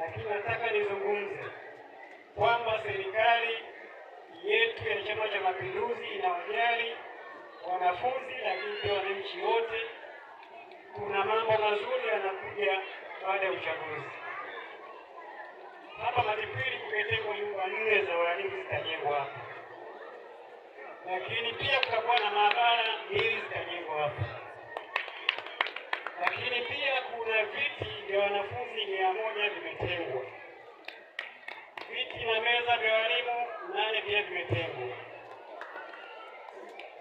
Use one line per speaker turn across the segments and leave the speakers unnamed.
lakini nataka nizungumze kwamba serikali yetu ya Chama cha Mapinduzi inawajali wanafunzi, lakini pia wananchi wote. Kuna mambo mazuri yanakuja baada ya uchaguzi. Hapa madipili kumetengwa nyumba nne za walimu zitajengwa hapa, lakini pia kutakuwa na maabara mbili zitajengwa hapa, lakini pia kuna viti vya wanafunzi mia vimetengwa, viti na meza vya walimu nane pia vimetengwa,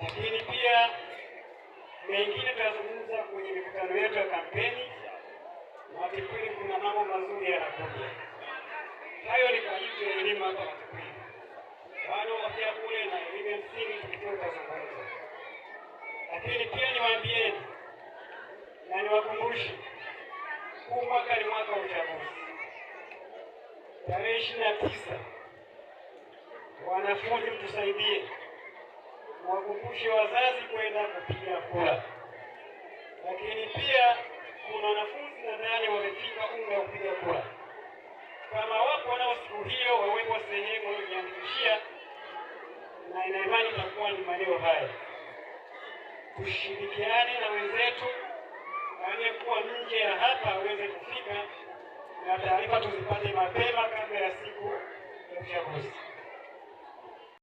lakini pia mengine tutazungumza kwenye mikutano yetu ya kampeni, na kuna mambo mazuri yanakuja. Hayo ni kwa ajili ya elimu hapa Matikwini, wana wapia kule na elimu ya msingi lakini pia niwaambieni na niwakumbushe huu mwaka ni mwaka wa uchaguzi tarehe ishirini na tisa wanafunzi, mtusaidie wakumbushe wazazi kwenda kupiga kura, lakini pia kuna wanafunzi nadhani wamefika umri wa kupiga kura. Kama wapo wanao siku hiyo, wawekwa sehemu waliojiandikishia, na ina imani itakuwa ni maeneo haya. Tushirikiane na wenzetu, aliyekuwa nje ya hapa aweze kufika na taarifa tuzipate. Thank